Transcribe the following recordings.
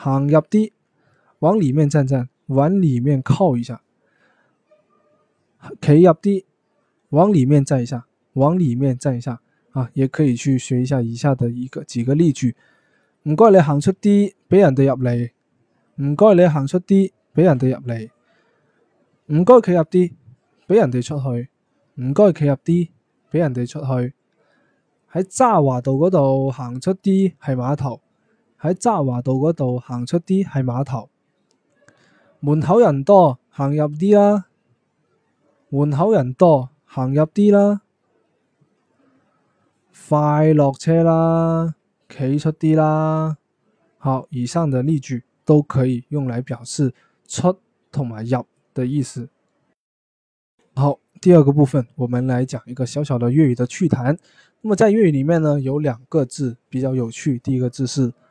行入啲，往裏面站站，往裏面靠一下；企入啲，往裏面站一下，往裏面站一下啊！也可以去學一下以下的一個幾個例句：唔該你行出啲，俾人哋入嚟，唔該你行出啲，俾人哋入嚟，唔該企入啲，俾人哋出去，唔該企入啲，俾人哋出去。喺渣華道嗰度行出啲係碼頭。喺渣華道嗰度行出啲係碼頭。門口人多，行入啲啦。門口人多，行入啲啦。快落車啦，企出啲啦。好，以上的例句都可以用來表示出同埋入的意思。好，第二個部分，我們來講一個小小的粵語的趣談。咁麼在粵語裏面呢，有兩個字比較有趣，第一個字是。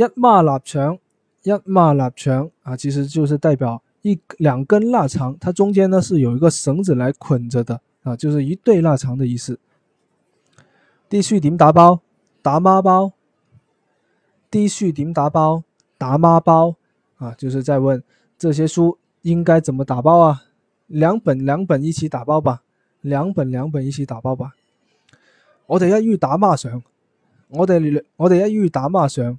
一孖臘腸，一孖臘腸啊，其實就是代表一兩根臘腸，它中間呢是有一個繩子來捆着的啊，就是一對臘腸的意思。啲書點打包？打孖包啲書點打包？打孖包？啊，就是在問這些書應該怎麼打包啊？兩本兩本一起打包吧，兩本兩本一起打包吧。我哋一於打孖上，我哋我哋一於打孖上。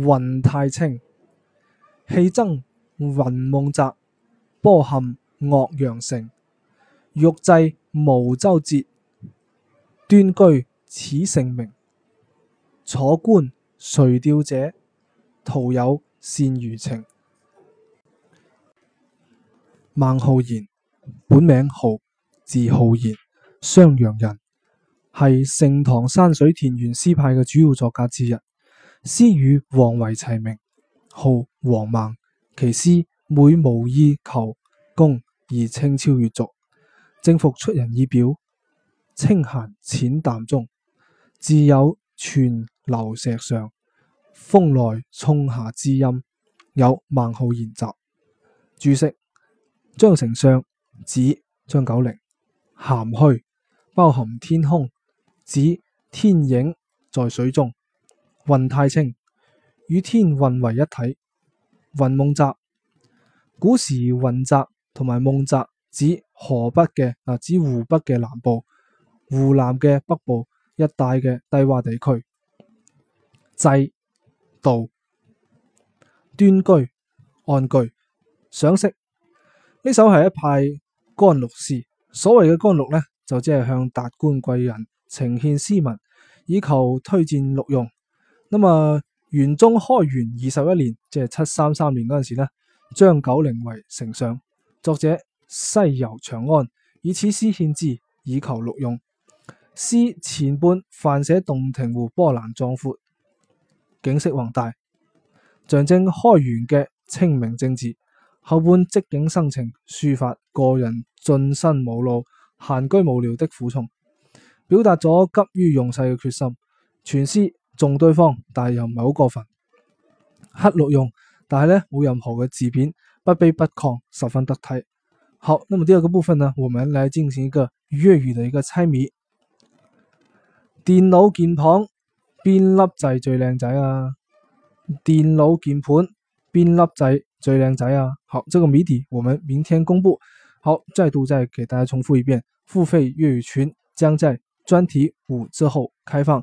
雲太清，氣蒸雲夢澤；波撼岳陽城。欲濟無舟楫，端居恥聖明。坐觀垂釣者，徒有羨魚情。孟浩然，本名浩，字浩然，襄陽人，係盛唐山水田園詩派嘅主要作家之一。詩與王維齊名，號王孟。其詩每無意求功而清超越俗，正服出人意表，清閒淺淡中自有泉流石上，風來松下之音。有孟號言《孟浩然集》。注釋：張丞相指張九齡，含虛包含天空，指天影在水中。雲太清與天混為一體，雲夢澤古時雲澤同埋夢澤指河北嘅嗱，指湖北嘅南部、湖南嘅北部一帶嘅低洼地區。祭道端居按句賞識，呢首係一派干祿詩，所謂嘅干祿呢，就即係向達官貴人呈獻詩文，以求推薦錄用。咁啊，玄宗開元二十一年，即係七三三年嗰陣時咧，張九齡為丞相。作者西遊長安，以此詩獻之，以求錄用。詩前半泛寫洞庭湖波瀾壯闊，景色宏大，象徵開元嘅清明政治；後半即景生情，抒發個人進身無路、閒居無聊的苦衷，表達咗急於用世嘅決心。全詩。中對方，但係又唔係好過分，黑綠用，但係呢，冇任何嘅字片，不卑不亢，十分得體。好，咁啊，第二個部分呢，我們嚟進行一個粵語嘅一個猜謎。電腦鍵盤邊粒仔最靚仔啊？電腦鍵盤邊粒仔最靚仔啊？好，這個謎底我們明天公布。好，再度再給大家重複一遍，付費粵語群將在專題五之後開放。